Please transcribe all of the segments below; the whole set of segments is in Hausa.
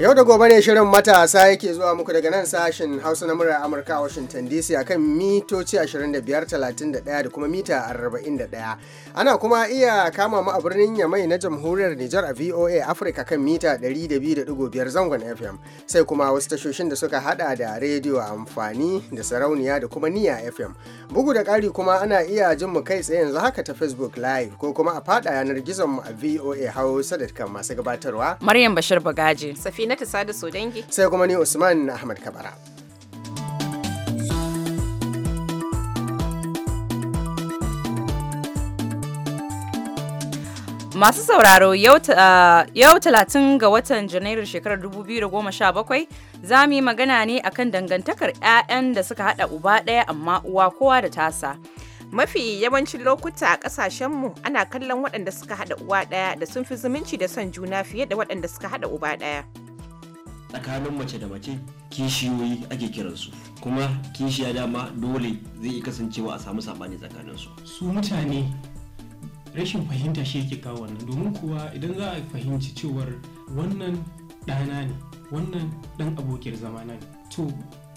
Yau da gobe ne shirin matasa yake zuwa muku daga nan sashen Hausa na murar Amurka a Washington DC akan mitoci 25,31 da kuma mita 41. Ana kuma iya kama mu a birnin Yamai na Jamhuriyar Nijar a VOA Africa kan mita 200.5 zangon FM. Sai kuma wasu tashoshin da suka hada da rediyo amfani da sarauniya da kuma niya FM. Bugu da kari kuma ana iya jin mu kai tsaye yanzu haka ta Facebook Live ko kuma a fada yanar gizon mu a VOA Hausa da kan masu gabatarwa. Maryam Bashir Bagaji. Aminata Sada dangi. Sai kuma ni Usman Ahmad Kabara. Masu sauraro yau talatin ga watan Janairu shekarar 2017 za mu yi magana ne akan dangantakar 'ya'yan da suka haɗa uba ɗaya amma uwa kowa da tasa. Mafi yawancin lokuta a ƙasashenmu ana kallon waɗanda suka haɗa uwa ɗaya da sun fi zumunci da son juna fiye da waɗanda suka haɗa uba ɗaya. tsakanin mace da mace kishiyoyi ake kiransu kuma kishiya dama dole zai yi kasancewa a samu sabani tsakaninsu su mutane rashin fahimta shi yake kawo wannan domin kuwa idan za a fahimci cewar wannan ɗana ne wannan ɗan abokiyar zamana ne to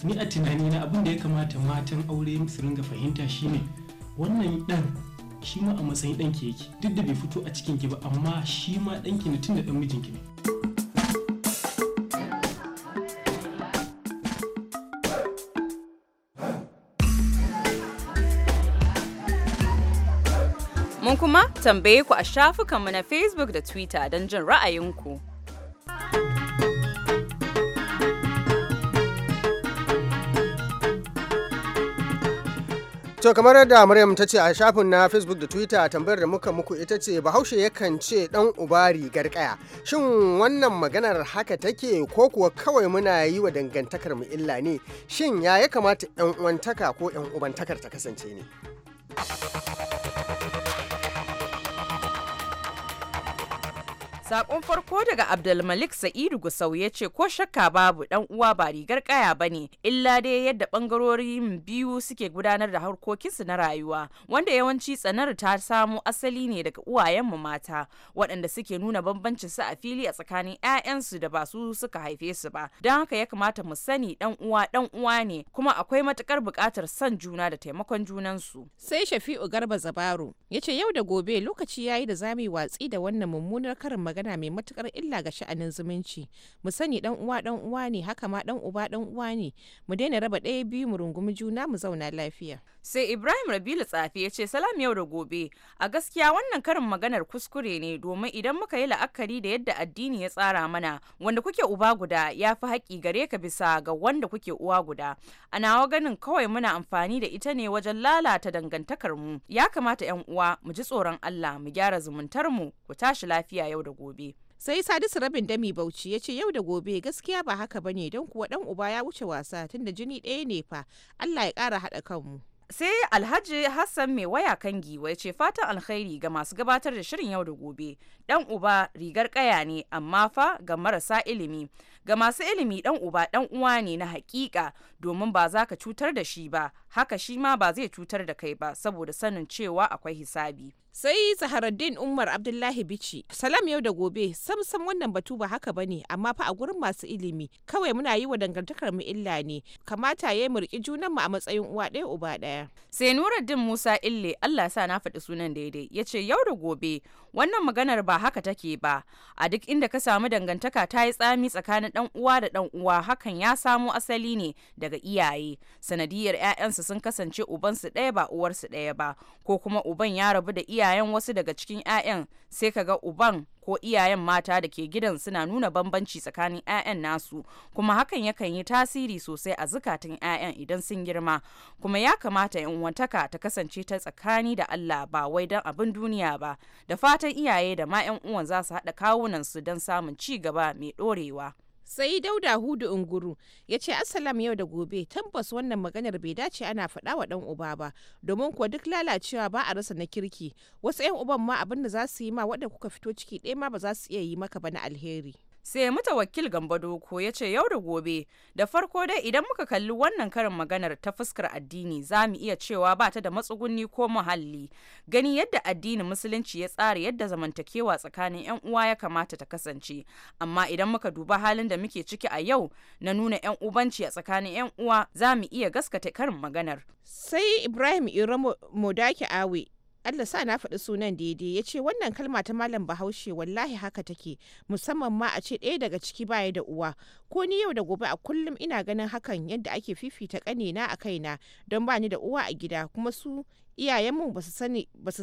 ni a tunani na abin da ya kamata matan aure su ringa fahimta shine wannan ɗan shi ma a matsayin ɗanki yake duk da bai fito a cikin ki ba amma shi ma ɗanki na tun da ɗan mijinki ne mun kuma tambaye ku a shafukanmu na Facebook da Twitter don jin ra'ayinku. To kamar yadda Maryam ta ce a shafin na Facebook da Twitter tambayar da muka muku ita ce Bahaushe yakan ce dan uba rigar kaya. Shin wannan maganar haka take ko kuwa kawai muna yi wa dangantakar mu illa ne? Shin ya ya kamata yan uwantaka ko yan ubantakar ta kasance ne? Sakon farko daga Abdulmalik Sa'idu Gusau ya ce ko shakka babu dan uwa ba rigar kaya ne illa dai yadda bangarorin biyu suke gudanar da harkokinsu na rayuwa wanda yawanci tsanar ta samo asali ne daga uwayenmu mata waɗanda suke nuna bambancin su a fili a tsakanin 'ya'yansu da ba su suka haife su ba don haka ya kamata mu sani dan uwa dan uwa ne kuma akwai matukar buƙatar son juna da taimakon junansu. Sai Shafi'u Garba Zabaru ya ce yau da gobe lokaci yayi da zamu yi watsi da wannan mummunar karin magana mai matukar illa ga sha'anin zumunci mu sani dan uwa dan uwa ne haka ma dan uba dan uwa ne mu daina raba ɗaya biyu mu rungumi juna mu zauna lafiya sai ibrahim rabilu tsafi ya ce salam yau da gobe a gaskiya wannan karin maganar kuskure ne domin idan muka yi la'akari da yadda addini ya tsara mana wanda kuke uba guda ya fi haƙƙi gare ka bisa ga wanda kuke uwa guda a nawa ganin kawai muna amfani da ita ne wajen lalata dangantakar mu ya kamata yan uwa mu ji tsoron allah mu gyara zumuntar mu ku tashi lafiya yau da gobe sai sadisu rabin dami bauchi ya ce yau da gobe gaskiya ba haka bane don kuwa dan uba ya wuce wasa tunda jini ɗaya ne fa allah ya ƙara haɗa kanmu sai alhaji hassan mai waya kan giwa ce fatan alkhairi ga masu gabatar da shirin yau da gobe dan uba rigar kaya ne amma fa ga marasa ilimi ga masu ilimi dan uba dan uwa ne na hakika domin ba za ka cutar da shi ba haka shi ma ba zai cutar da kai ba saboda sanin cewa akwai hisabi sai zaharaddin umar abdullahi bici salam yau da gobe sam sam wannan batu ba haka bane amma fa a gurin masu ilimi kawai muna yi wa dangantakar mu illa ne kamata ya mu riki junan mu a matsayin uwa ɗaya uba ɗaya sai nuruddin musa ille allah sa na faɗi sunan daidai ya ce yau da gobe wannan maganar ba haka take ba a duk inda ka samu dangantaka ta yi tsami tsakanin ɗan uwa da ɗan uwa hakan ya samo asali ne daga iyaye sanadiyar 'ya'yansu sun kasance ubansu ɗaya ba uwarsu ɗaya ba ko kuma uban ya rabu da iyaye iyayen wasu daga cikin 'ya'yan sai ka ga uban ko iyayen mata da ke gidan suna nuna bambanci tsakanin 'ya'yan nasu kuma hakan yakan yi tasiri sosai a zukatan 'ya'yan idan sun girma kuma ya kamata in wantaka ta kasance ta tsakani da Allah ba wai don abin duniya ba da fatan iyaye da ma 'yan uwan za su haɗa kawunansu su don samun ci gaba mai ɗorewa. sai dauda hudu unguru ya ce assalam yau da gobe tabbas wannan maganar bai dace ana faɗa wa ɗan uba ba domin kuwa duk lalacewa ba a rasa na kirki wasu 'yan uban ma abin da za su yi ma wadda kuka fito ciki ɗaya ma ba za su iya yi maka ba na alheri sai mata wakil gamba doko ya ce yau da gobe da farko dai idan muka kalli wannan karin maganar ta fuskar addini za mu iya cewa ba ta da matsuguni ko muhalli gani yadda addinin musulunci ya tsara yadda zamantakewa tsakanin yan uwa ya kamata ta kasance amma idan muka duba halin da muke ciki a yau na nuna yan ubanci a tsakanin yan uwa za mu iya gaskata karin maganar sai ibrahim iro modaki awe Allah sa na faɗi sunan daidai ya ce wannan kalma ta malam bahaushe wallahi haka take musamman ma a ce ɗaya daga ciki baya da uwa ko ni yau da gobe a kullum ina ganin hakan yadda ake fifita ƙanina a kaina don ba ni da uwa a gida kuma su iyayenmu ba su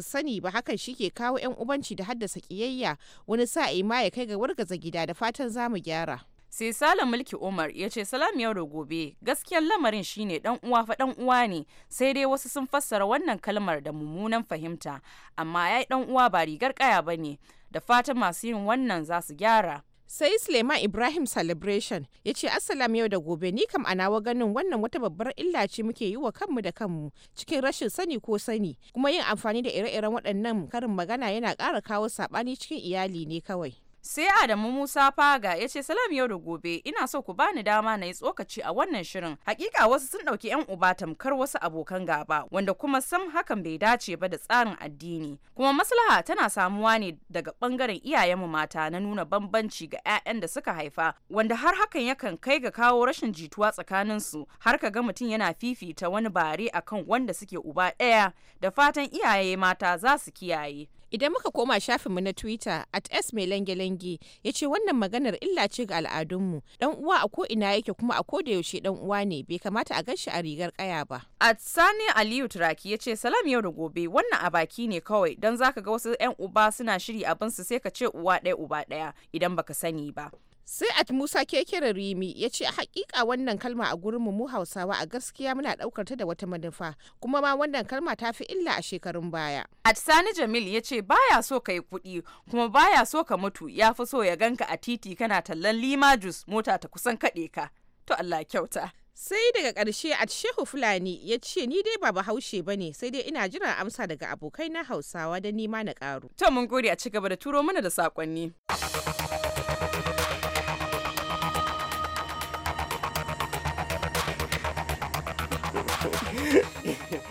sani ba hakan shi ke kawo 'yan ubanci da haddasa ƙiyayya wani sa'i ma ya kai ga wargaza gida da fatan za mu gyara. sai salam mulki umar ya ce salamiyar gobe gaskiyar lamarin shine dan uwa fa dan uwa ne sai dai wasu sun fassara wannan kalmar da mummunan fahimta amma yayi dan uwa ba rigar kaya ba ne da fatan masu yin wannan za su gyara sai suleiman ibrahim celebration ya ce assalam yau da gobe ni kam a nawa ganin wannan wata babbar illa ce muke yi wa kanmu da kanmu cikin rashin sani ko sani kuma yin amfani da ire-iren waɗannan karin magana yana ƙara kawo saɓani cikin iyali ne kawai Sai Adamu Musa Faga ya ce salam yau da gobe ina so ku bani dama na yi tsokaci a wannan shirin. Hakika wasu sun ɗauki 'yan uba tamkar wasu abokan gaba wanda kuma sam hakan bai dace ba da tsarin addini. Kuma maslaha tana samuwa ne daga bangaren iyayenmu mata na nuna bambanci ga 'ya'yan da suka haifa wanda har hakan yakan kai ga kawo rashin jituwa tsakanin su har ka ga mutum yana fifita wani bare akan wanda suke uba ɗaya da fatan iyaye mata za su kiyaye. Idan muka koma shafinmu na Twitter at S mai lange-lange ya ce wannan maganar illa ce ga al'adunmu. Dan uwa a ko ina yake kuma a ko da yaushe dan uwa ne bai kamata a ganshi a rigar kaya ba. At Sani Aliyu Turaki ya ce salam yau da gobe wannan a baki ne kawai don zaka ga wasu 'yan uba suna shiri su sai ka ce uwa ɗaya uba ɗaya idan baka sani ba. sai at musa kekere rimi ya ce hakika wannan kalma a gurinmu mu hausawa a gaskiya muna daukar ta da wata manufa kuma ma wannan kalma ta fi illa a shekarun baya at sani jamil ya ce baya so ka yi kuɗi kuma baya so ka mutu ya fi so ya ganka a titi kana tallan lima jus mota ta kusan kaɗe ka to allah kyauta sai daga ƙarshe a shehu fulani ya ce ni dai ba bahaushe ba ne sai dai ina jiran amsa daga abokai na hausawa da nima na ƙaru to mun gode a ci gaba da turo mana da saƙonni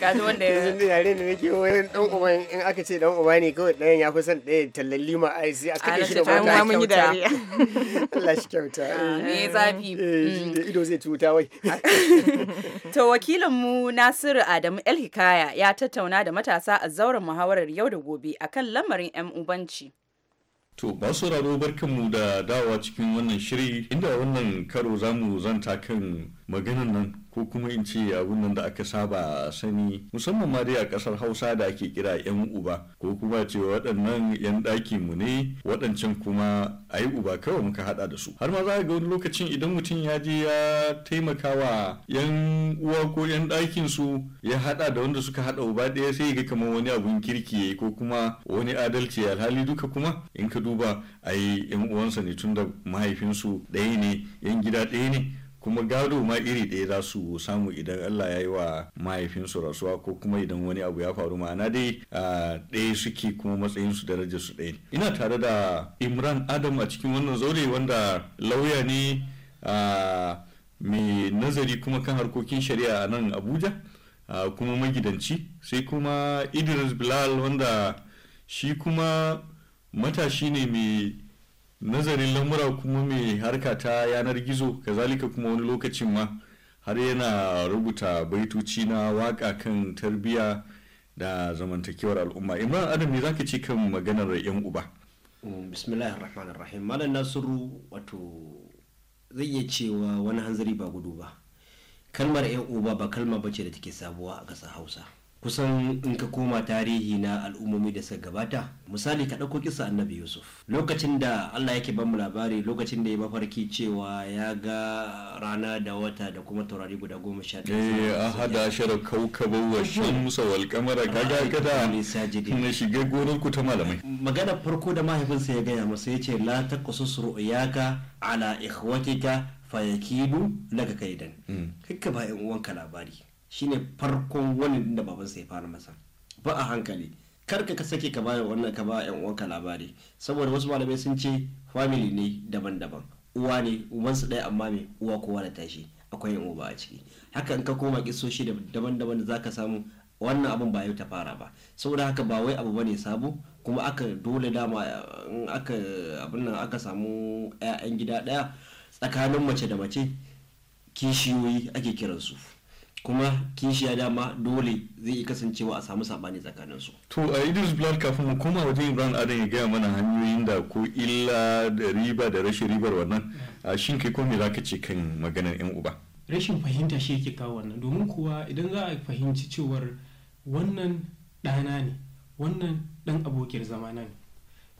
ka zo wanda yanzu da yare ne ke wani dan uba in aka ce dan uba ne kawai ɗayan ya fi son ɗaya tallan lima a sai a kake shi da mota mun yi dariya Allah shi kyauta ah, me zafi eh, eh, mm. da ido zai cuta wai to wakilin mu Nasiru Adamu El Hikaya ya tattauna da matasa a zauren muhawarar yau da gobe akan lamarin 'yan ubanci To ba su sauraro barkanmu da dawa cikin wannan shiri inda wannan karo zamu zanta kan maganan nan ko kuma in ce abin nan da aka saba sani musamman ma dai a kasar hausa da ake kira yan uba ko kuma ce waɗannan yan ɗaki mu ne waɗancan kuma a yi uba kawai muka haɗa da su har ma za ga wani lokacin idan mutum ya je ya taimaka wa yan uwa ko yan ɗakin su ya haɗa da wanda suka haɗa uba ɗaya sai ya ga kamar wani abun kirki yayi ko kuma wani adalci alhali duka kuma in ka duba ai yan uwansa ne tunda mahaifinsu ɗaya ne yan gida ɗaya ne kuma gado ma iri ɗaya za su samu idan Allah ya yi wa mahaifinsu rasuwa ko kuma idan wani abu ya faru ma'ana dai ɗaya suke kuma matsayin su daraja su ɗaya ina tare da Imran Adam a cikin wannan zaure wanda lauya ne mai nazari kuma kan harkokin shari'a a nan Abuja kuma magidanci sai kuma Idris Bilal wanda shi kuma matashi ne mai nazarin lamura kuma mai harka ta yanar gizo kazalika kuma wani lokacin ma har yana rubuta baitoci na waka kan tarbiyya da zamantakewar al'umma imran adam ne zaka ce kan maganar yan uba mm, bismillahir rahmanir rahim malam nasiru wato zai iya cewa wani hanzari ba gudu ba kalmar yan uba ba kalma bace da take sabuwa a ƙasar hausa kusan in ka koma tarihi na al'ummomi da suka gabata misali ka ɗauko kisa annabi yusuf lokacin da allah yake mu labari lokacin da ya mafarki cewa ya ga rana da wata da kuma taurari guda goma sha ɗaya eh, a hada shara kaukaba wa shamsa wal kamara kaga kada na shiga gonar ku ta malamai magana farko da mahaifinsa ya gaya masa ya ce la taqsus ru'yaka ala ikhwatika fayakidu laka kaidan hmm. kakka ba yan uwanka labari shine farkon wani da baban ya fara masa ba a hankali kar ka sake ka bayar wannan ka ba yan uwanka labari saboda wasu malamai sun ce family ne daban-daban uwa ne su ɗaya amma me uwa kowa da tashi akwai yan uba a ciki haka in ka koma kisoshi daban-daban da zaka samu wannan abin ba yau ta fara ba saboda haka ba wai abu bane sabo kuma aka dole dama in aka abin nan aka samu ƴaƴan gida ɗaya tsakanin mace da mace kishiyoyi ake kiransu kuma kishiya dama dole zai yi kasancewa a samu sabani tsakanin su to a idris blad kafin mu koma wajen ibrahim adam ya gaya mana hanyoyin da ko illa da riba da rashin ribar wannan mm. a shin kai ko me zaka ce kan maganar yan uba rashin fahimta shi yake kawo wannan domin kuwa idan za a fahimci cewar wannan ɗana ne wannan ɗan abokiyar zamana ne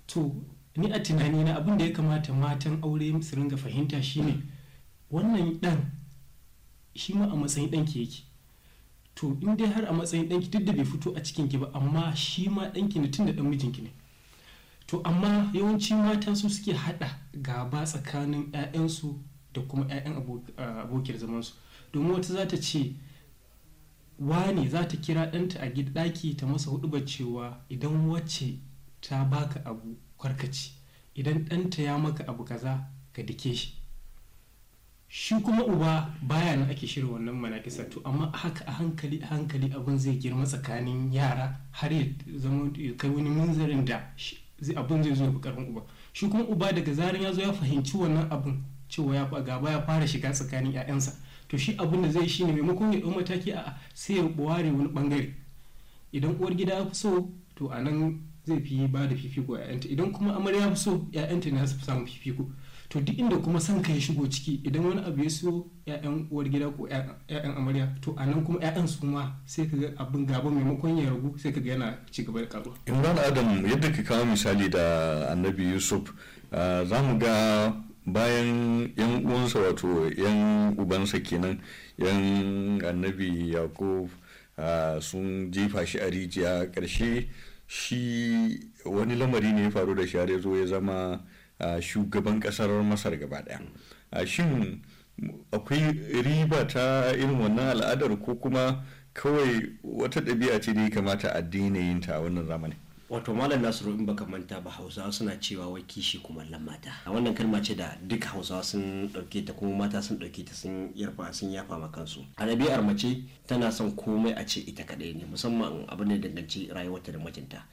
to ni a tunani na abin da ya kamata matan aure su ringa fahimta shine wannan ɗan shi ma a matsayin ɗanki yake to in dai har a matsayin ɗanki duk da bai fito a cikin ki ba amma shi ma ɗanki ne tun da ɗan mijinki ne to amma yawanci mata su suke haɗa gaba tsakanin 'ya'yansu da kuma 'ya'yan abokin zamansu domin wata za ta ce wani za ta kira ɗanta a ɗaki ta masa hudu cewa idan wacce ta baka abu kwarkaci idan ɗanta ya maka abu kaza ka dike shi shi kuma uba baya nan ake shirin wannan manakisa to amma haka a hankali a hankali abin zai girma tsakanin yara har ya zama kai wani munzarin da abin zai zo ya uba shi kuma uba daga zarin ya zo ya fahimci wannan abin cewa ya gaba ya fara shiga tsakanin 'ya'yansa to shi abin da zai shi ne maimakon ya ɗau mataki a sai ya ware wani bangare idan uwar gida ya fi so to a nan zai fi ba da fifiko 'ya'yanta idan kuma amarya ya fi so 'ya'yanta ne su fi samun fifiko to duk inda kuma san ka ya shigo ciki idan wani abu ya so ƴaƴan uwar gida ko ya'yan amarya to a nan kuma ya'yan su ma sai ka ga abin gaba maimakon ya ragu sai ka ga yana ci gaba da karuwa imran adam yadda ka kawo misali da annabi yusuf za mu ga bayan yan uwansa wato yan ubansa kenan yan annabi yakub sun jefa shi a rijiya karshe shi wani lamari ne ya faru da shi har zo ya zama shugaban kasar masar gaba daya shin akwai riba ta irin wannan al'adar ko kuma kawai wata ɗabi'a ce da ya kamata a yin ta wannan zamani wato malam nasiru in baka manta ba hausawa suna cewa wai kishi kuma lamata mata wannan kalma ce da duk hausawa sun dauke ta kuma mata sun dauke ta sun yarfa sun yafa ma kansu a ɗabi'ar mace tana son komai a ce ita kaɗai ne musamman abin da danganci rayuwarta da mijinta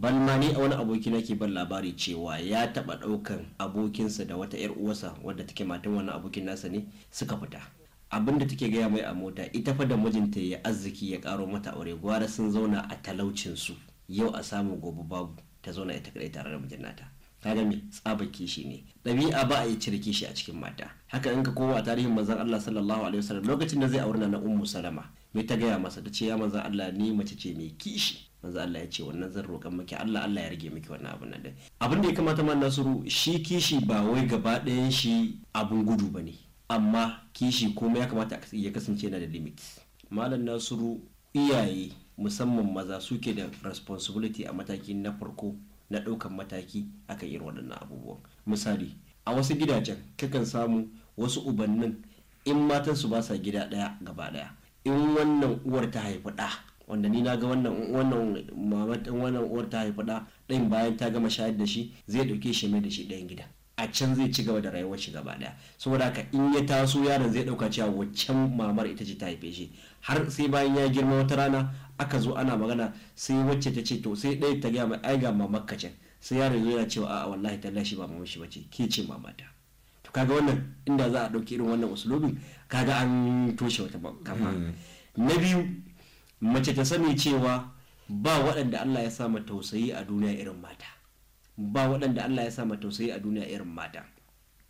balma ni a wani aboki nake ban labari cewa ya taba daukan abokinsa da wata yar uwarsa wadda take matan wannan abokin nasa ne suka fita abin da take gaya mai a mota ita fa da mijinta ya arziki ya karo mata aure gwara sun zauna a talaucin su yau a samu gobe babu ta zauna ita kadai tare da mijin nata kaga me tsaba kishi ne ɗabi'a ba a yi cire kishi a cikin mata haka in ka koma a tarihin manzon Allah sallallahu alaihi wasallam lokacin da zai aure na ummu salama me ta gaya masa ta ce ya manzon Allah ni mace ce mai kishi manzo Allah ya ce wannan zan roƙan miki Allah Allah ya rage miki wannan abin nan abin da ya kamata man Nasiru shi kishi ba wai gaba ɗayan shi abun gudu ba ne. amma kishi komai ya kamata ya kasance yana da limit malam Nasiru iyaye musamman maza suke da responsibility a mataki na farko na ɗaukan mataki akan irin waɗannan abubuwan misali a wasu gidajen kakan samu wasu ubannin in matansu ba sa gida ɗaya gaba ɗaya in wannan uwar ta haifi ɗa wanda ni na ga wannan wannan mamatan wannan uwar ta haifi da ɗin bayan ta gama shayar da shi zai ɗauke shi mai da shi ɗayan gida a can zai ci gaba da rayuwar shi gaba daya saboda haka in ya taso yaron zai ɗauka cewa waccan mamar ita ce ta haife shi har sai bayan ya girma wata rana aka zo ana magana sai wacce ta ce to sai ɗaya ta gaya mai ai ga mamar kacin sai yaron zai cewa a'a wallahi ta shi ba mamar shi bace ke ce mamata to kaga wannan inda za a ɗauki irin wannan usulubin kaga an toshe wata kafa mm. na biyu mace ta sani cewa ba waɗanda Allah ya sama tausayi a duniya irin mata ba waɗanda Allah ya sama tausayi a duniya irin mata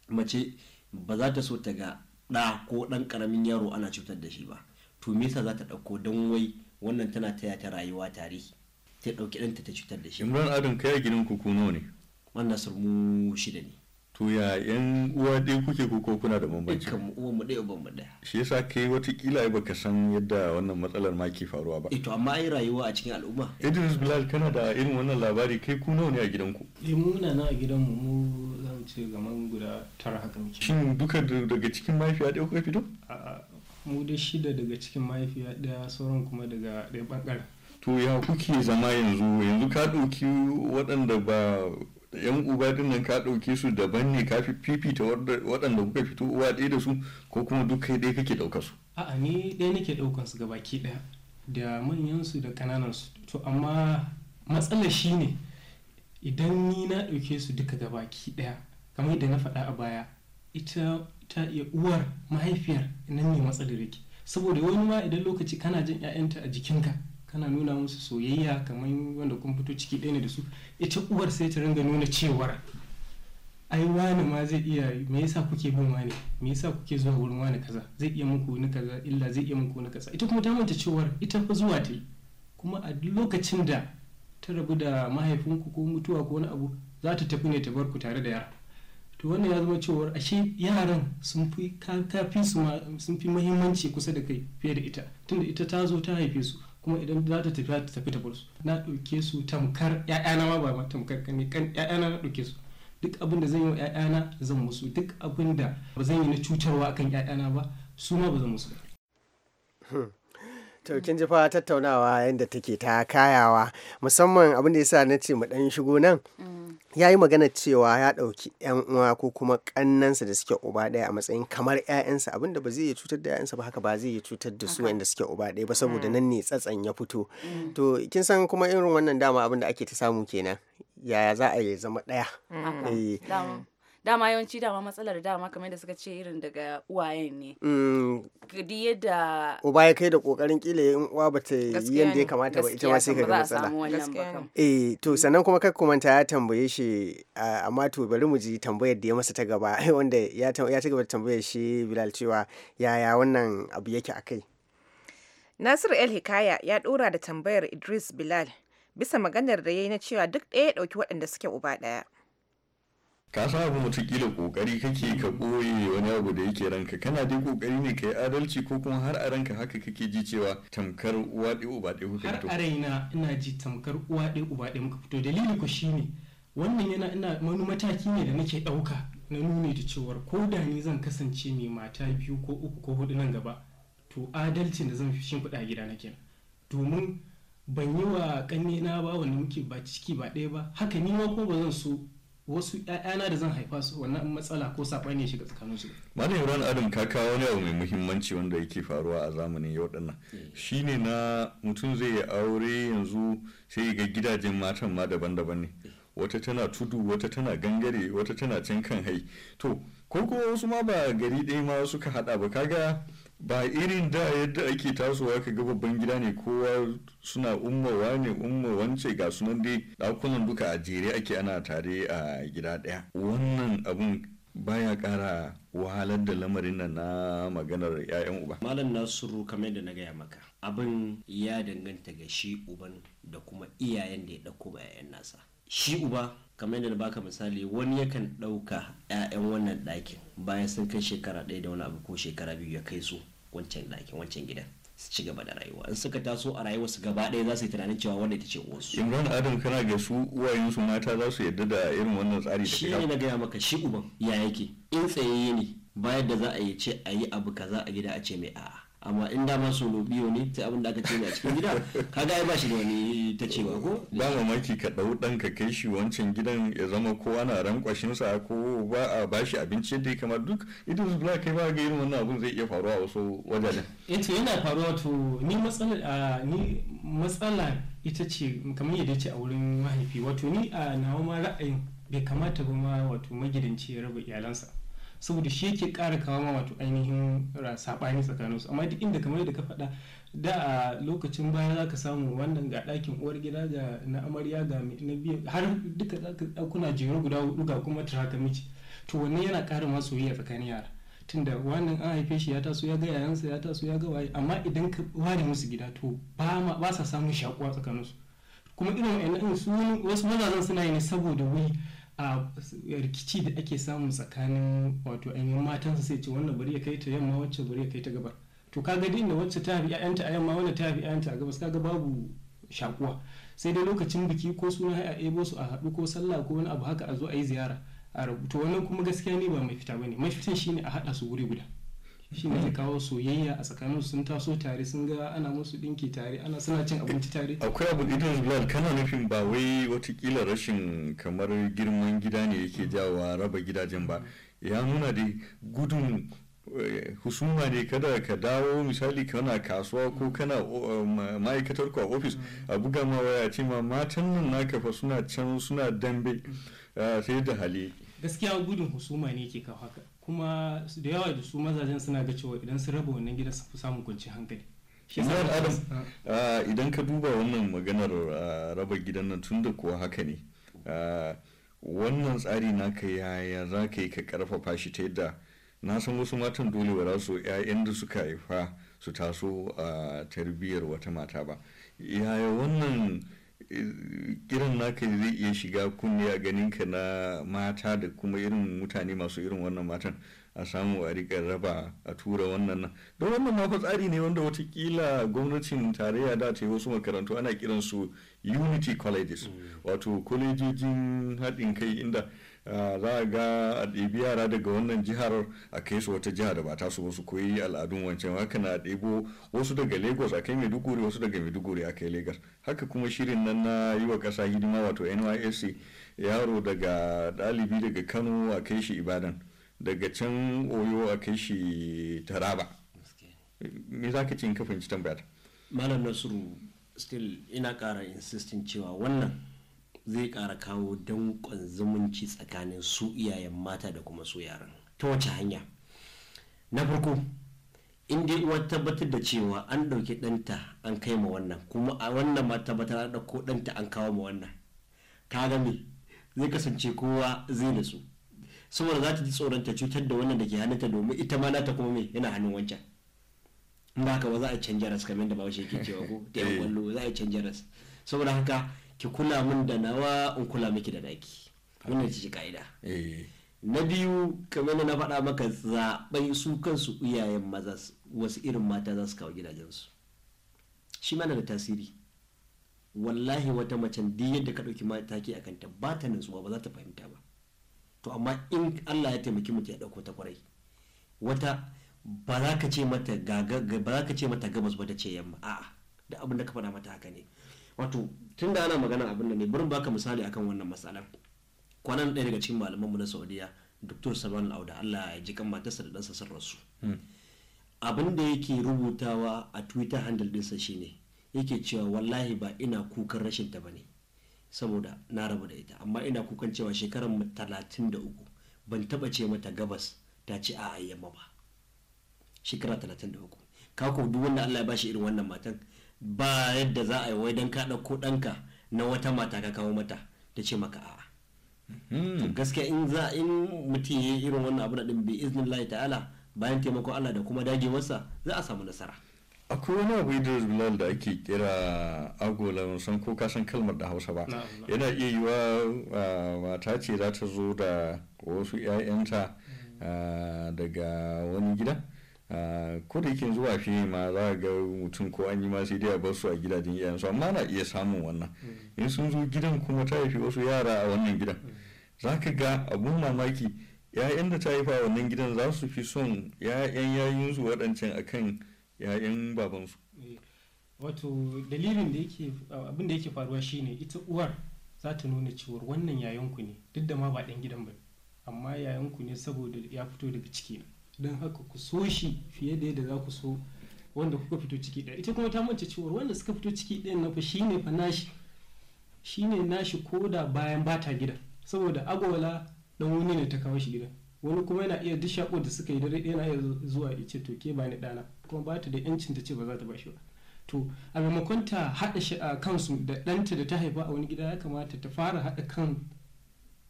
mace ba za ta so ta ga ɗa ko ɗan ƙaramin yaro ana cutar da shi ba to me yasa za ta ɗauko don wai wannan tana taya ta rayuwa tare ta ɗauki ɗanta ta cutar da shi imran adam kai a gidan ku nawa ne wannan surmu shida ne to ya yan uwa ɗaya kuke ko kuna da bambanci kan uwa mu ɗaya uban mu ɗaya shi yasa kai watakila ba ka san yadda wannan matsalar ma ke faruwa ba eh to amma ai rayuwa a cikin al'umma Idris Bilal kana da irin wannan labari kai ku nawa ne a gidanku eh mu na a gidan mu mu zan ce gaman guda tara haka muke shin duka daga cikin mahaifiya ɗaya kuka fito a'a mu da shida daga cikin mahaifiya ɗaya sauran kuma daga ɗaya ɓangaren to ya kuke zama yanzu yanzu ka ɗauki waɗanda ba yan uba din nan ka ɗauke su daban ne ka fifita waɗanda kuka fito uwa ɗaya da su ko kuma duk kai ɗaya kake ɗauka su a'a ni ɗaya nake ɗaukar su gabaki ɗaya da manyan su da kananan su to amma matsalar shi ne idan ni na ɗauke su duka gabaki ɗaya kamar yadda na faɗa a baya ita ta iya uwar mahaifiyar nan ne matsalar yake saboda wani ma idan lokaci kana jin 'ya'yanta a jikinka kana nuna musu soyayya kamar wanda kun fito ciki ɗaya ne da su ita uwar sai ta ringa nuna cewar ai wani ma zai iya me yasa kuke bin wani me yasa kuke zuwa wurin wani kaza zai iya muku wani kaza illa zai iya muku wani kaza ita kuma ta manta cewar ita fa zuwa ta yi kuma a lokacin da ta rabu da mahaifinku ko mutuwa ko wani abu za ta tafi ne ta bar ku tare da yara to wannan ya zama cewar ashe yaran sun fi kafin sun fi muhimmanci kusa da kai fiye da ita tunda ita ta zo ta haife su kuma idan za ta tafi ta tafi ta su na ɗauke su tamkar ƴaƴana ma ba tamkar kan kan ƴaƴana na ɗauke su duk abin da zan yi wa ƴaƴana zan musu duk abin da ba zan yi na cutarwa akan ƴaƴana ba su ma ba zan musu ba. to kin ji fa tattaunawa yadda take ta kayawa musamman abin da yasa na ce mu dan shigo nan mm. ya yi magana cewa ya ɗauki 'yan uwa ko kuma ƙannansa da suke uba ɗaya a matsayin kamar 'ya'yansa abinda ba zai iya cutar da 'ya'yansa ba haka ba zai iya cutar da su wanda suke uba ɗaya ba saboda mm. nan ne tsatsan ya fito mm. to kin san kuma irin wannan dama abin da ake ta samu kenan yaya za a yi zama ɗaya mm. dama yawanci dama matsalar dama kamar da suka ce irin daga uwayen ne mm. di yadda uba ya kai da kokarin kila yin uwa ba ta yi yadda ya kamata ba ita ma sai ka ga matsala eh to sannan kuma kai kumanta ya tambaye shi amma to bari mu ji tambayar da ya masa ta gaba wanda ya ta gaba tambayar shi Bilal cewa yaya wannan abu yake a kai. Nasiru El Hikaya ya ɗora da tambayar Idris Bilal bisa maganar da ya yi na cewa duk ɗaya ya ɗauki waɗanda suke uba ɗaya. ka sa abu mutu kila kokari kake ka ɓoye wani abu da yake ranka kana dai kokari ne kai adalci ko kuma har a ranka haka kake ji cewa tamkar uwa ɗaya uba ɗaya kuka fito har a ina ji tamkar uwa ɗaya uba ɗaya muka fito dalili ku shine wannan yana ina wani mataki ne da nake ɗauka na nuni da cewa ko da ni zan kasance mai mata biyu ko uku ko hudu nan gaba to adalcin da zan shimfiɗa gida na kenan domin ban yi wa ƙannena ba wanda muke ba ciki ba ɗaya ba haka ni ma ko ba zan so wasu ‘ya'yana da zan haifa su wannan matsala ko saɓani ne shiga tsakanin su. Malam Imran Adam ka kawo wani abu mai muhimmanci wanda yake faruwa a zamanin yau dinnan. Eh. Shine na mutum zai yi aure yanzu sai ga gidajen matan ma daban-daban ne. Eh. Wata tana tudu, wata tana gangare, wata tana can kan hai. To, ko kuma wasu ma ba gari ɗaya ma suka haɗa ba kaga ba irin da yadda ake tasowa ka ga babban gida ne kowa suna ummawa ne umma wance ga sunan dai dakunan duka a jere ake ana tare a gida daya wannan abun baya kara wahalar da lamarin nan na maganar 'ya'yan uba malam nasiru kamar da na gaya maka abin ya danganta ga shi uban da kuma iyayen da ya ɗauko 'ya'yan nasa shi uba kamar yadda baka misali wani yakan ɗauka 'ya'yan wannan ɗakin bayan sun kai shekara ɗaya da wani abu ko shekara biyu ya kai su wancan ɗakin wancan gidan su ci gaba da rayuwa in suka taso a rayuwar su gaba ɗaya za su yi tunanin cewa wanda ita ce uwarsu imran adam kana ga su uwayen su mata za su yadda da irin wannan tsari da shi ne na gaya maka shi uban ya yake in tsayayye ne bayan da za a yi ce a yi abu kaza a gida a ce mai a'a amma in dama solo biyo ne sai abin da aka ce a cikin gida ka ga ba shi da wani ta ba ko ba mamaki ka dau dan ka kai shi wancan gidan ya zama kowa na rankwashin sa ko ba a bashi abinci yadda ya kamar duk idan su bla kai ba ga irin wannan abun zai iya faruwa a wasu wajajen eh to yana faruwa to ni matsala ni matsala ita ce kamar yadda ce a wurin mahaifi wato ni a nawa ma ra'ayin bai kamata ba ma wato magidanci ya raba iyalansa saboda shi yake kara kawo ma wato ainihin saɓani tsakaninsu amma duk inda kamar yadda ka faɗa da a lokacin baya za ka samu wannan ga ɗakin uwar gida ga na amarya ga na biyu har duka za ka na jeru guda hudu ga kuma miji to wannan yana ƙara masoyiya tsakanin yara tunda wannan an haife shi ya taso ya ga yayansa ya taso ya ga waye amma idan ka ware musu gida to ba sa samun shakuwa tsakaninsu kuma irin wa'annan su wasu mazazan suna yi ne saboda wuri a rikici da ake samu tsakanin wato ainihin matansa sai ce wannan bari ya kai ta yamma wacce bari ya kai ta gabar to ka gadi da wacce ta fi ƴaƴanta a yamma wanda ta fi ƴaƴanta a gabas ga babu shakuwa sai dai lokacin biki ko suna a ebo su a haɗu ko sallah ko wani abu haka a zo a yi ziyara a rubuta wannan kuma gaskiya ne ba mai fita ba ne mafitan shine a haɗa su wuri guda shi ne ke kawo soyayya a tsakanin sun taso tare sun ga ana musu dinki tare ana suna cin abinci tare akwai abu idan bilal kana nufin ba wai watakila rashin kamar girman gida ne yake jawa raba gidajen ba ya nuna da gudun eh, husuma ne kada ka dawo misali kana kasuwa ko kana um, ma'aikatar ko a ofis a buga ma waya ce ma matan nan naka fa suna can suna dambe ah, sai da hali gaskiya gudun husuma ne ke kawo haka kuma da yawa da su mazajen suna ga cewa idan sun raba wannan gidan sun fi samun kwanci hankali Adam ah, idan ka duba wannan maganar ah, raba gidan nan tun da kuwa haka ne ah, wannan tsari naka yaya za ka yi ka karfafa shi ta yadda na san wasu matan dole ba za su 'ya'yan da suka haifa su taso a tarbiyyar wata mata ba yaya wannan irin naka zai iya shiga kunne a ganin ka na mata da kuma irin mutane masu irin wannan matan a samu a rika raba a tura wannan nan don wannan mafi tsari ne wanda watakila gwamnatin tarayya da ta yi wasu makarantu ana kiransu unity colleges mm. wato kwalejojin haɗin kai inda Ah, za a ga a ɗebi yara daga wannan jihar a kai su wata jiha da ba ta su koyi al'adun wancan haka na ɗebo wasu daga lagos a kai maiduguri wasu daga maiduguri a kai lagos haka kuma shirin nan na yi wa ƙasa hidima wato nysc yaro daga ɗalibi daga kano a kai shi ibadan daga can oyo a kai shi taraba me za ka ci in ka fahimci tambaya malam nasiru still ina ƙara insistin cewa wannan zai kara kawo danƙon zumunci tsakanin su iyayen mata da kuma su yaran ta wace hanya na farko in dai wata tabbatar da cewa an ɗauki ɗanta an kai ma wannan kuma a wannan ma tabbatar da ko ɗanta an kawo ma wannan ka ga zai kasance kowa zai nasu saboda za ta ji tsoron ta cutar da wannan da ke hannunta domin ita ma nata kuma me yana hannun wancan in ba haka ba za a canja ras kamar da bawashi ke cewa ko da yan eh. kwallo za a canja ras saboda haka ki kula min da nawa in kula miki da naki wannan ce ka'ida eh. na biyu kamar na faɗa maka zaɓai su kansu iyayen maza wasu irin mata za su kawo gidajensu shi mana da tasiri wallahi wata macen da yadda ka ɗauki mataki a kanta ba ta nutsuwa ba za ta fahimta ba to amma in allah ya taimaki mutum ya ɗauko ta kwarai wata ba za ka ce mata gabas ba ta ce yamma a'a da abin da ka faɗa mata haka ne wato tun da ana magana abin da ne bari baka misali akan wannan matsalar kwanan ɗaya daga cikin malamanmu na saudiya dr saban auda allah ya ji kan matarsa da ɗansa sun rasu hmm. abin da yake rubutawa a twitter handle ɗinsa shine yake cewa wallahi ba ina kukan rashin ta bane saboda na rabu da ita amma ina kukan cewa shekarar mu talatin da uku ban taɓa ce mata gabas ta ce a yamma ba shekara talatin da uku kako duk wanda allah ya bashi irin wannan matan ba yadda za a yi wai don ka ɗauko ɗanka na wata mata ka kawo mata ta ce maka a'a hmm. gaskiya in za in mutum ya yi irin wannan abu ɗin bi iznillahi ta'ala bayan taimakon Allah da kuma dagewarsa za a samu nasara akwai wani abu Idris Bilal da ake kira agola san ko kasan san kalmar da Hausa ba yana iya yiwa mata ce za ta zo da wasu 'ya'yanta hmm. daga wani gida Ah, ko da yake zuwa fiye ma za a ga mutum ko an yi ma sai dai a bar su a gidajen iyayensu amma na iya samun wannan mm. in sun zo gidan kuma ta haifi wasu yara a wannan gidan mm. za ka ga abun mamaki ya'yan da ta haifa a wannan gidan za su fi son ya'yan yayinsu waɗancan a kan ya'yan babansu eh, wato dalilin da yake abin da yake faruwa shine ita uwar za ta nuna cewar wannan yayanku ne duk da ma ba ɗan gidan ba amma yayanku ne saboda ya fito daga ciki na don haka ku so shi fiye da yadda za ku so wanda kuka fito ciki ɗaya ita kuma ta mance cewa wanda suka fito ciki ɗaya na fa shine fa nashi shine nashi koda bayan bata gida saboda agwala dan wani ne ta kawo shi gida wani kuma yana iya duk shako da suka yi dare yana iya zuwa ya ce to ke ba ni dana kuma ba ta da yancin ta ce ba za ta ba shi ba to a maimakon ta haɗa shi a kansu da ɗanta da ta haifa a wani gida ya kamata ta fara haɗa kan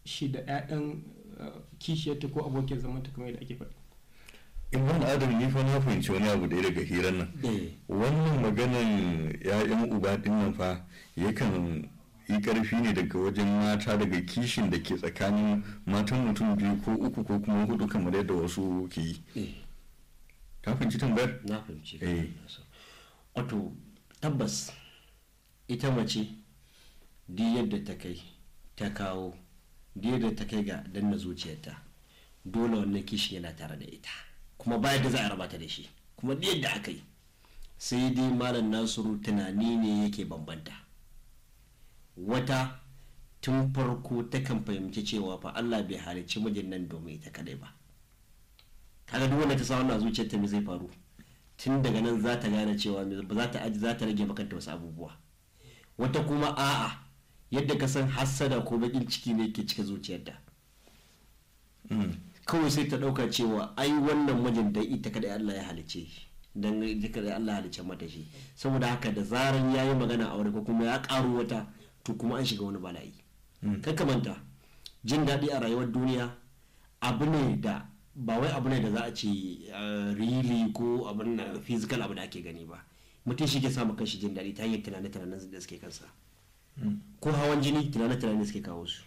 shi da 'ya'yan eh, kishiyarta ko abokin zamanta kamar yadda ake faɗi adam ni fa na fahimci wani abu daya daga hirar nan eh. wannan maganan ya'yan uba din nan fa yakan yi karfi ne daga wajen mata daga kishin da ke tsakanin matan mutum biyu ko uku ko kuma hudu kamar yadda wasu ke yi ta eh. fahimci tambayar na fahimci eh. wato tabbas ita mace di yadda ta kai ta kawo di yadda ta kai ga danna zuciyarta dole wannan kishin yana tare da ita kuma bayar da za a raba da shi kuma da yadda aka yi sai dai malam nasiru tunani ne yake bambanta wata tun farko takan fahimci cewa fa Allah bai halicci mijin nan domin ita kadai ba kaga duk wanda ta sa wannan zuciyarta me zai faru tun daga nan za ta gane cewa ba za ta aji za ta rage makanta wasu abubuwa wata kuma a'a yadda ka san hassada ko bakin ciki ne ke cika zuciyarta hmm. kawai sai ta ɗauka cewa ai wannan mijin da ita kada Allah ya halice shi dan ita da Allah halice mata shi saboda haka da zaran yayi magana a wurin kuma ya ƙaru wata to kuma an shiga wani bala'i hmm. ka manta jin daɗi a rayuwar duniya abu ne da ba wai abu ne da za a ce uh, really ko abin physical abu da ake gani ba mutum shi ke samu kanshi jin daɗi ta hanyar tunane tunanen da suke kansa hmm. ko hawan jini tunane tunane suke kawo su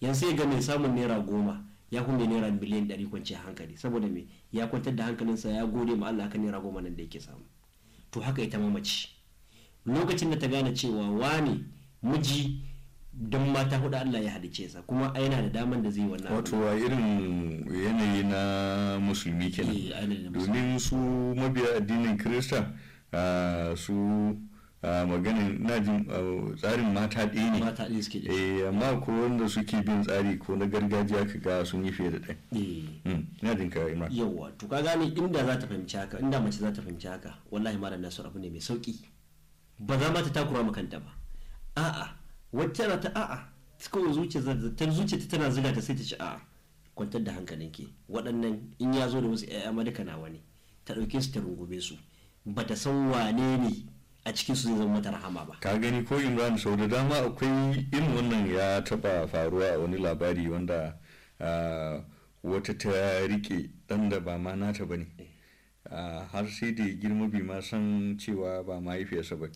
yanzu ya ga mai samun naira goma ya kuma naira miliyan ɗari kwanciyar hankali saboda me ya kwantar da hankalinsa ya gode ma Allah kan naira goma nan da yake samu to haka ita ma mamaci lokacin da ta gane cewa wani miji don mata hudu Allah ya halice sa kuma a yana da daman da zai wannan wato a irin yanayi na musulmi kenan eh, domin su mabiya addinin kirista ah, su maganin na jin tsarin mata ɗaya ne mata ɗaya suke eh amma mm. ko wanda suke bin tsari ko na gargajiya ka ga sun yi fiye da ɗaya eh mm, na jin yi ma yawa to ka gane inda za ta fahimci haka inda mace za ta fahimci haka wallahi mara nasu abu ne mai sauki ba za ma ta takura ma kanta ba a'a wacce ta a'a suka kawai zuciya ta zuciya ta tana zuga ta sai ta ci a'a kwantar da ke waɗannan in ya zo da wasu 'ya'ya madaka na wani ta ɗauke su ta rungume su bata san wane ne a cikin su zai zama mata rahama ba ka gani ko imran sau da dama akwai irin wannan ya taba faruwa a wani labari wanda wata ta rike dan da ba ma nata bane eh. har sai da ya girma bi ma san cewa ba mahaifiyarsa ba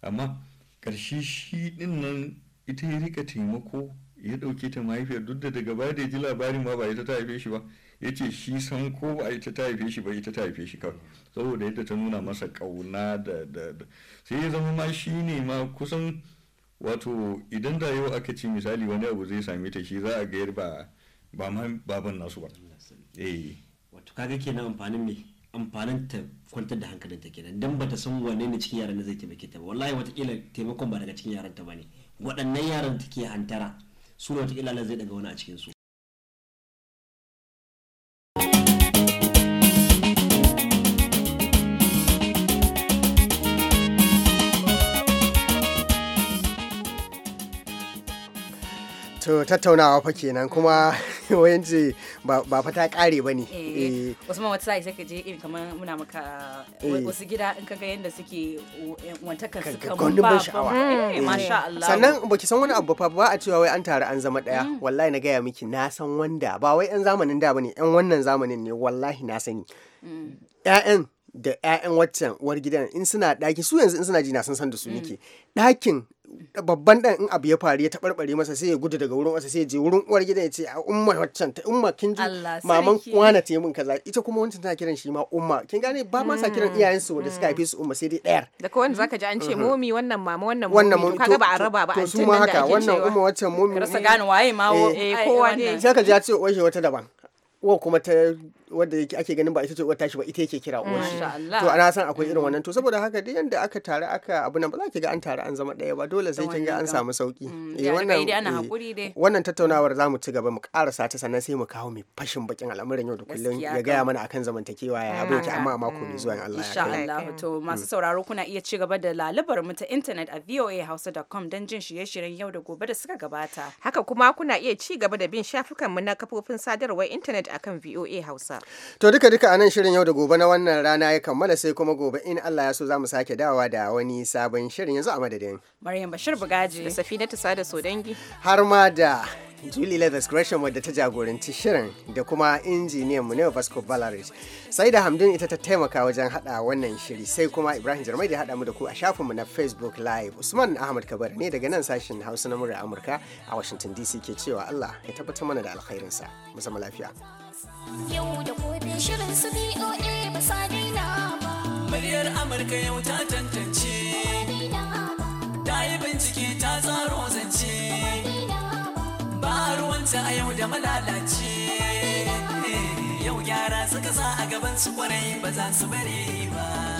amma karshe shi din nan ita ya rika taimako ya dauke ta mahaifiyar duk da daga baya da ya ji labarin ma ba ita ta haife shi ba ya ce shi san ko ba ita ta haife shi ba ita ta haife shi kawai saboda yadda ta nuna masa ƙauna da da sai ya zama ma shi ne ma kusan wato idan da yau aka ce misali wani abu zai same ta shi za a gayar ba ba ma baban nasu ba eh wato kaga kenan amfanin me amfanin ta kwantar da hankalin ta kenan dan bata san wane ne cikin yaran da zai taimake ta ba wallahi kila taimakon ba daga cikin yaran ta bane waɗannan yaran take hantara su ne wata Allah zai daga wani a cikin su to tattaunawa fa kenan kuma wayanci ba fa ta kare ba ne eh, eh. ma wata sai ka je irin kamar muna maka eh. wasu gida in ka ga yadda suke wantakan su kamar ba masha Allah sannan baki san wani abu fa ba a cewa wai an tare an zama daya mm. wallahi na gaya miki na san wanda ba wai yan zamanin da bane yan wannan zamanin ne wallahi na sani mm. ƴaƴan da 'ya'yan waccan uwar gidan in suna daki su yanzu in suna jina sun san da su mm. nike ɗakin babban dan in abu ya faru ya tabarbare masa sai ya gudu daga wurin wasa sai ya je wurin uwar gidan ya ce a umma waccan ta umma kin ji maman kwana ta min kaza ita kuma wancan tana kiran shi ma umma kin gane ba ma sa kiran mm. iyayen su wanda suka mm. haife su umma sai dai daya. da ko wanda zaka ji an ce mm-hmm. momi wannan mama wannan momi kaga ba a raba ba an tunda da haka wannan umma waccan momi rasa gane waye ma eh. Eh, kowa ne zaka ji ya ce wai wata daban wa kuma ta wadda ake ganin ba ita ce uwar tashi ba ita yake kira uwar shi to ana san akwai irin mm. wannan to saboda haka duk yanda aka tare aka abu nan ba za ki ga an tare an zama ɗaya ba dole sai kin ga an samu sauki mm, eh wannan eh, wannan tattaunawar za mu ci gaba mu karasa ta sannan sai mu kawo mai fashin bakin al'amuran yau da kullum ya gaya mana akan zamantakewa ya abu ki amma mako mai mm, zuwa Allah ya kai Allah to masu sauraro kuna iya ci gaba da lalubar mu ta internet a voahausa.com dan jin shirye-shiryen yau da gobe da suka gabata haka kuma kuna iya ci gaba da bin shafukan mu na kafofin sadarwar internet akan VOA Hausa to duka duka anan shirin yau da gobe na wannan rana ya kammala sai kuma gobe in Allah ya so za mu sake dawowa da wani sabon shirin yanzu a madadin Maryam Bashir Bugaji da Safina Tusa da Sodangi har ma da Julie Leathers Gresham wadda ta jagoranci shirin da kuma injiniyan mu Neo Vasco Sai da Hamdun ita ta taimaka wajen haɗa wannan shiri sai kuma Ibrahim Jarmai da hada mu da ku a shafinmu na Facebook Live. Usman Ahmad Kabar ne daga nan sashen Hausa na murar Amurka a Washington DC ke cewa Allah ya tabbatar mana da alkhairinsa. Mu zama lafiya. Yau da gobe shirin su BOA ba sa daina ba. Muryar Amurka yau ta tantance. Ta yi bincike ta tsaro zance. Ba ruwanta a yau da malalace. Yau gyara suka sa a gaban su kwarai ba za su bari ba.